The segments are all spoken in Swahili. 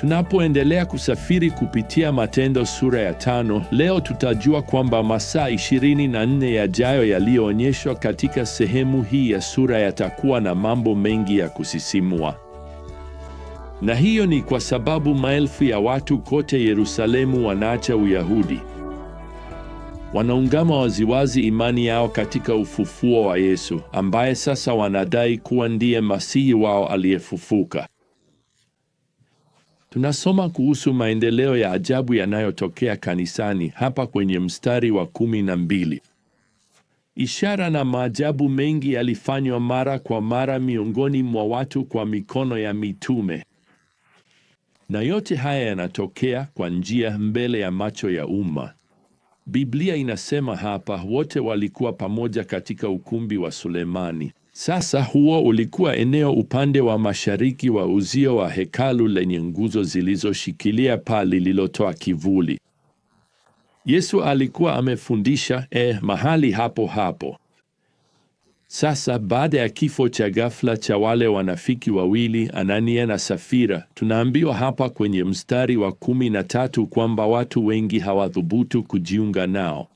Tunapoendelea kusafiri kupitia Matendo sura ya tano, leo tutajua kwamba masaa 24 yajayo yaliyoonyeshwa katika sehemu hii ya sura yatakuwa na mambo mengi ya kusisimua. Na hiyo ni kwa sababu maelfu ya watu kote Yerusalemu wanaacha Uyahudi. Wanaungama waziwazi imani yao katika ufufuo wa Yesu ambaye sasa wanadai kuwa ndiye Masihi wao aliyefufuka. Tunasoma kuhusu maendeleo ya ajabu yanayotokea kanisani hapa kwenye mstari wa kumi na mbili. Ishara na maajabu mengi yalifanywa mara kwa mara miongoni mwa watu kwa mikono ya mitume, na yote haya yanatokea kwa njia mbele ya macho ya umma. Biblia inasema hapa, wote walikuwa pamoja katika ukumbi wa Sulemani. Sasa huo ulikuwa eneo upande wa mashariki wa uzio wa hekalu lenye nguzo zilizoshikilia paa lililotoa kivuli. Yesu alikuwa amefundisha eh, mahali hapo hapo. Sasa baada ya kifo cha ghafla cha wale wanafiki wawili Anania na Safira, tunaambiwa hapa kwenye mstari wa kumi na tatu kwamba watu wengi hawathubutu kujiunga nao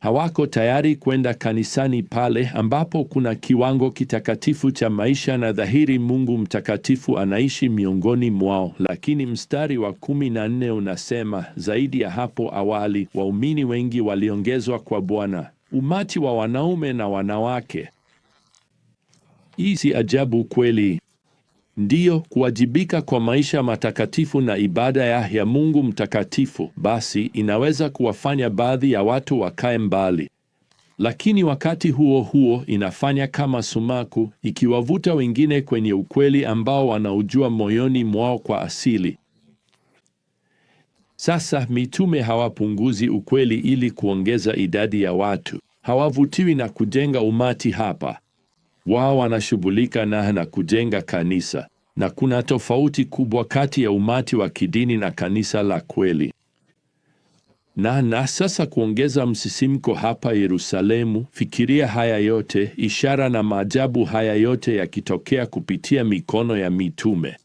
hawako tayari kwenda kanisani pale ambapo kuna kiwango kitakatifu cha maisha na dhahiri Mungu mtakatifu anaishi miongoni mwao. Lakini mstari wa kumi na nne unasema zaidi ya hapo awali, waumini wengi waliongezwa kwa Bwana, umati wa wanaume na wanawake. Hii si ajabu kweli? ndiyo kuwajibika kwa maisha matakatifu na ibada ya ya Mungu mtakatifu, basi inaweza kuwafanya baadhi ya watu wakae mbali, lakini wakati huo huo inafanya kama sumaku, ikiwavuta wengine kwenye ukweli ambao wanaujua moyoni mwao kwa asili. Sasa mitume hawapunguzi ukweli ili kuongeza idadi ya watu, hawavutiwi na kujenga umati hapa wao wanashughulika na na kujenga kanisa, na kuna tofauti kubwa kati ya umati wa kidini na kanisa la kweli. Na na sasa kuongeza msisimko hapa Yerusalemu, fikiria haya yote, ishara na maajabu haya yote yakitokea kupitia mikono ya mitume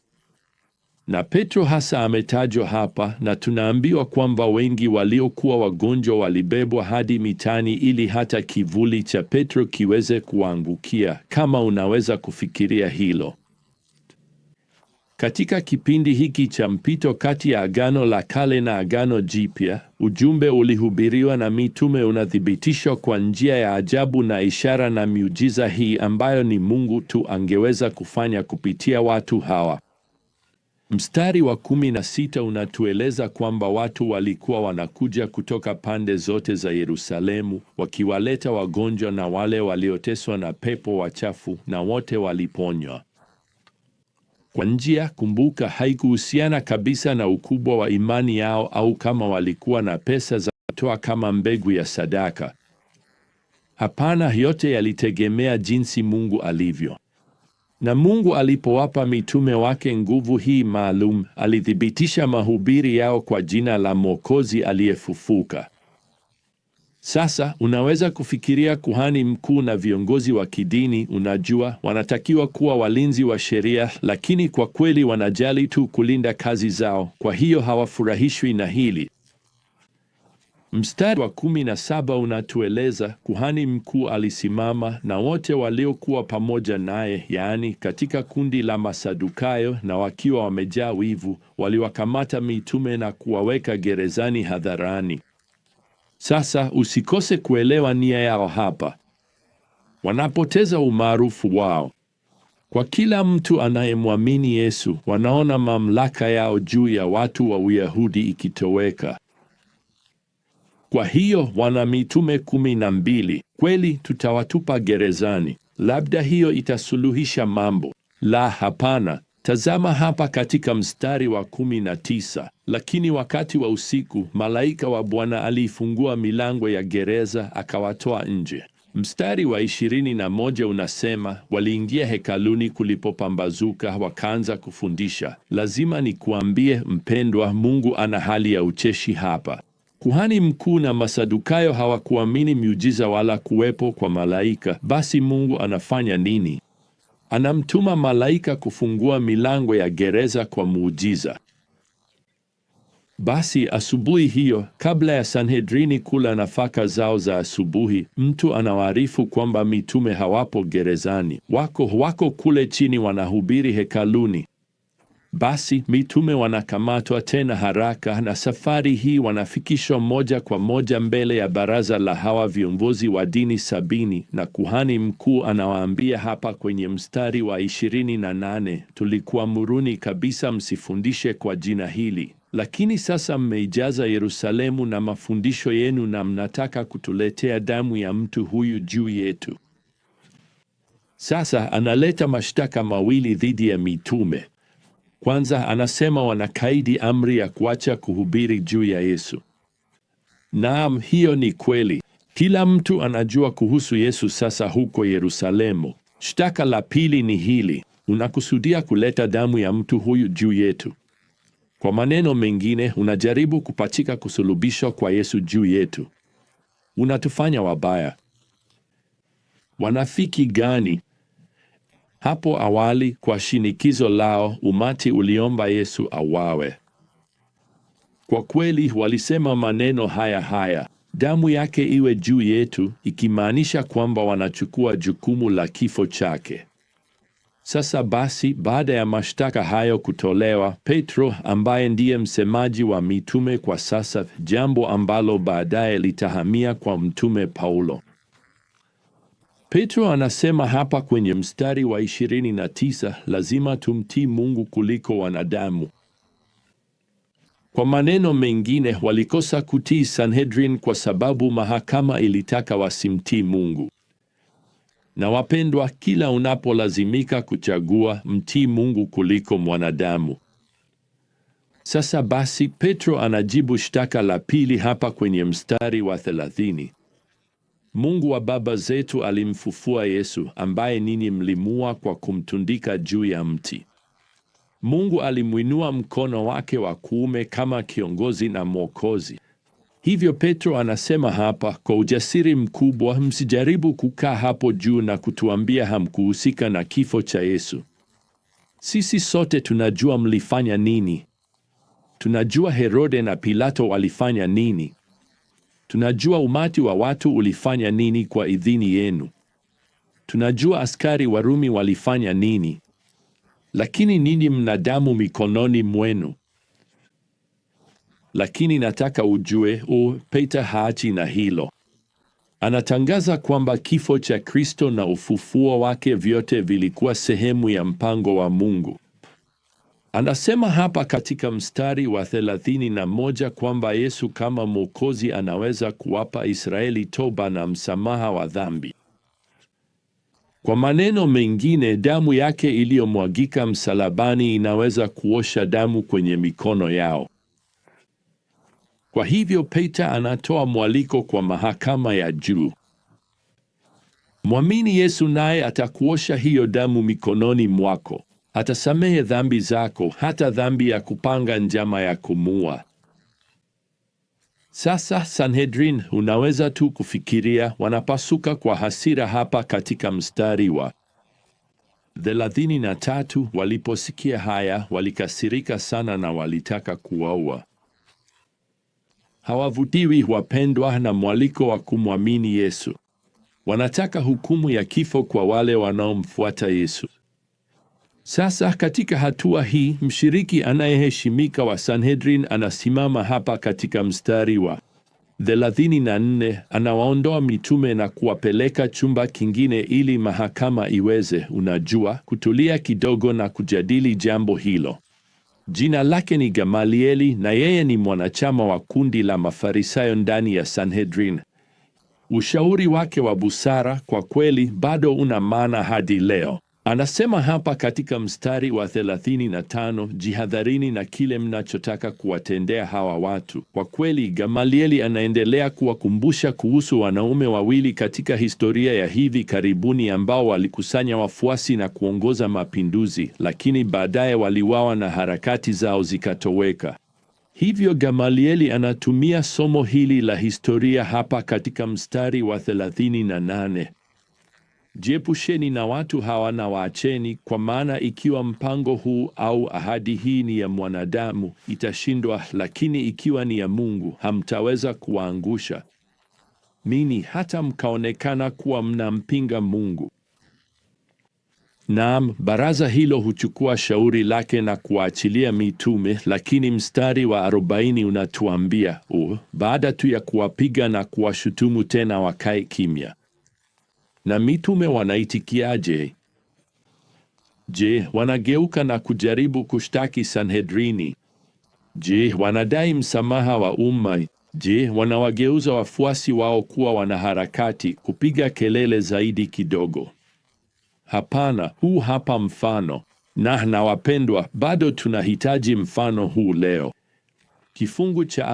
na Petro hasa ametajwa hapa, na tunaambiwa kwamba wengi waliokuwa wagonjwa walibebwa hadi mitani ili hata kivuli cha Petro kiweze kuangukia, kama unaweza kufikiria hilo. Katika kipindi hiki cha mpito kati ya Agano la Kale na Agano Jipya, ujumbe ulihubiriwa na mitume unathibitishwa kwa njia ya ajabu na ishara na miujiza hii ambayo ni Mungu tu angeweza kufanya kupitia watu hawa. Mstari wa kumi na sita unatueleza kwamba watu walikuwa wanakuja kutoka pande zote za Yerusalemu wakiwaleta wagonjwa na wale walioteswa na pepo wachafu, na wote waliponywa kwa njia. Kumbuka, haikuhusiana kabisa na ukubwa wa imani yao au kama walikuwa na pesa za kutoa kama mbegu ya sadaka. Hapana, yote yalitegemea jinsi Mungu alivyo. Na Mungu alipowapa mitume wake nguvu hii maalum, alithibitisha mahubiri yao kwa jina la Mwokozi aliyefufuka. Sasa unaweza kufikiria kuhani mkuu na viongozi wa kidini, unajua, wanatakiwa kuwa walinzi wa sheria, lakini kwa kweli wanajali tu kulinda kazi zao, kwa hiyo hawafurahishwi na hili. Mstari wa kumi na saba unatueleza kuhani mkuu alisimama na wote waliokuwa pamoja naye, yaani katika kundi la Masadukayo, na wakiwa wamejaa wivu, waliwakamata mitume na kuwaweka gerezani hadharani. Sasa usikose kuelewa nia yao hapa. Wanapoteza umaarufu wao kwa kila mtu anayemwamini Yesu, wanaona mamlaka yao juu ya watu wa Uyahudi ikitoweka. Kwa hiyo wana mitume kumi na mbili kweli tutawatupa gerezani? Labda hiyo itasuluhisha mambo. La, hapana. Tazama hapa katika mstari wa kumi na tisa: lakini wakati wa usiku malaika wa Bwana aliifungua milango ya gereza akawatoa nje. Mstari wa ishirini na moja unasema waliingia hekaluni kulipopambazuka, wakaanza kufundisha. Lazima nikuambie mpendwa, Mungu ana hali ya ucheshi hapa. Kuhani mkuu na Masadukayo hawakuamini miujiza wala kuwepo kwa malaika. Basi Mungu anafanya nini? Anamtuma malaika kufungua milango ya gereza kwa muujiza. Basi asubuhi hiyo, kabla ya Sanhedrini kula nafaka zao za asubuhi, mtu anawaarifu kwamba mitume hawapo gerezani, wako wako kule chini wanahubiri hekaluni. Basi mitume wanakamatwa tena haraka, na safari hii wanafikishwa moja kwa moja mbele ya baraza la hawa viongozi wa dini sabini, na kuhani mkuu anawaambia hapa kwenye mstari wa ishirini na nane, tulikuamuruni kabisa msifundishe kwa jina hili, lakini sasa mmeijaza Yerusalemu na mafundisho yenu, na mnataka kutuletea damu ya mtu huyu juu yetu. Sasa analeta mashtaka mawili dhidi ya mitume. Kwanza anasema wanakaidi amri ya kuacha kuhubiri juu ya Yesu. Naam, hiyo ni kweli. Kila mtu anajua kuhusu Yesu sasa huko Yerusalemu. Shtaka la pili ni hili, unakusudia kuleta damu ya mtu huyu juu yetu. Kwa maneno mengine, unajaribu kupachika kusulubishwa kwa Yesu juu yetu. Unatufanya wabaya. Wanafiki gani? Hapo awali, kwa shinikizo lao, umati uliomba Yesu awawe. Kwa kweli walisema maneno haya haya, damu yake iwe juu yetu, ikimaanisha kwamba wanachukua jukumu la kifo chake. Sasa basi, baada ya mashtaka hayo kutolewa, Petro ambaye ndiye msemaji wa mitume kwa sasa, jambo ambalo baadaye litahamia kwa mtume Paulo, Petro anasema hapa kwenye mstari wa 29, lazima tumtii Mungu kuliko wanadamu. Kwa maneno mengine, walikosa kutii Sanhedrin kwa sababu mahakama ilitaka wasimtii Mungu. Na wapendwa, kila unapolazimika kuchagua, mtii Mungu kuliko mwanadamu. Sasa basi, Petro anajibu shtaka la pili hapa kwenye mstari wa thelathini. Mungu wa baba zetu alimfufua Yesu ambaye ninyi mlimua kwa kumtundika juu ya mti. Mungu alimwinua mkono wake wa kuume kama kiongozi na mwokozi. Hivyo Petro anasema hapa kwa ujasiri mkubwa, msijaribu kukaa hapo juu na kutuambia hamkuhusika na kifo cha Yesu. Sisi sote tunajua mlifanya nini. Tunajua Herode na Pilato walifanya nini. Tunajua umati wa watu ulifanya nini kwa idhini yenu. Tunajua askari Warumi walifanya nini. Lakini ninyi mna damu mikononi mwenu. Lakini nataka ujue u Peter haachi na hilo. Anatangaza kwamba kifo cha Kristo na ufufuo wake vyote vilikuwa sehemu ya mpango wa Mungu. Anasema hapa katika mstari wa thelathini na moja kwamba Yesu kama Mwokozi anaweza kuwapa Israeli toba na msamaha wa dhambi. Kwa maneno mengine, damu yake iliyomwagika msalabani inaweza kuosha damu kwenye mikono yao. Kwa hivyo, Petro anatoa mwaliko kwa mahakama ya juu. Mwamini Yesu naye atakuosha hiyo damu mikononi mwako atasamehe dhambi zako, hata dhambi ya kupanga njama ya kumua. Sasa Sanhedrin, unaweza tu kufikiria wanapasuka kwa hasira hapa katika mstari wa thelathini na tatu. Waliposikia haya walikasirika sana na walitaka kuwaua. Hawavutiwi wapendwa, na mwaliko wa kumwamini Yesu. Wanataka hukumu ya kifo kwa wale wanaomfuata Yesu. Sasa katika hatua hii mshiriki anayeheshimika wa Sanhedrin anasimama hapa katika mstari wa 34, anawaondoa mitume na kuwapeleka chumba kingine ili mahakama iweze, unajua, kutulia kidogo na kujadili jambo hilo. Jina lake ni Gamalieli na yeye ni mwanachama wa kundi la Mafarisayo ndani ya Sanhedrin. Ushauri wake wa busara kwa kweli bado una maana hadi leo. Anasema hapa katika mstari wa 35, jihadharini na kile mnachotaka kuwatendea hawa watu. Kwa kweli, Gamalieli anaendelea kuwakumbusha kuhusu wanaume wawili katika historia ya hivi karibuni ambao walikusanya wafuasi na kuongoza mapinduzi, lakini baadaye waliwawa na harakati zao zikatoweka. Hivyo Gamalieli anatumia somo hili la historia hapa katika mstari wa 38. Jiepusheni na watu hawa na waacheni, kwa maana ikiwa mpango huu au ahadi hii ni ya mwanadamu itashindwa, lakini ikiwa ni ya Mungu hamtaweza kuwaangusha nini hata mkaonekana kuwa mnampinga Mungu. Naam, baraza hilo huchukua shauri lake na kuwaachilia mitume, lakini mstari wa arobaini unatuambia uh, baada tu ya kuwapiga na kuwashutumu tena wakae kimya. Na mitume wanaitikiaje? Je, wanageuka na kujaribu kushtaki Sanhedrini? Je, wanadai msamaha wa umma? Je, wanawageuza wafuasi wao kuwa wanaharakati kupiga kelele zaidi kidogo? Hapana, huu hapa mfano. Na na wapendwa, bado tunahitaji mfano huu leo. Kifungu cha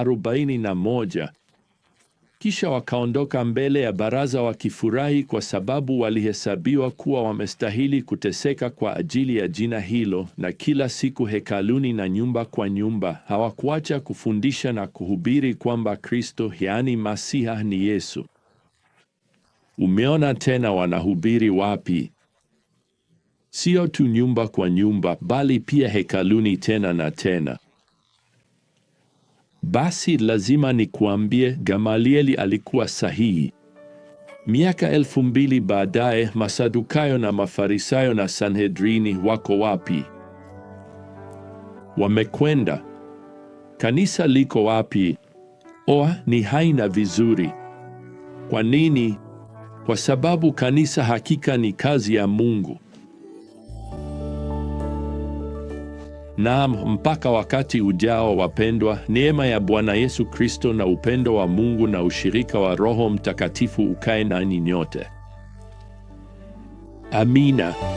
kisha wakaondoka mbele ya baraza wakifurahi kwa sababu walihesabiwa kuwa wamestahili kuteseka kwa ajili ya jina hilo. Na kila siku hekaluni na nyumba kwa nyumba, hawakuacha kufundisha na kuhubiri kwamba Kristo, yaani Masiha, ni Yesu. Umeona tena wanahubiri wapi? Sio tu nyumba kwa nyumba, bali pia hekaluni tena na tena. Basi lazima nikuambie, Gamalieli alikuwa sahihi. Miaka elfu mbili baadaye, Masadukayo na Mafarisayo na Sanhedrini wako wapi? Wamekwenda. Kanisa liko wapi? Oa, ni haina vizuri. Kwa nini? Kwa sababu kanisa hakika ni kazi ya Mungu. Naam, mpaka wakati ujao, wapendwa, neema ya Bwana Yesu Kristo na upendo wa Mungu na ushirika wa Roho Mtakatifu ukae nanyi nyote. Amina.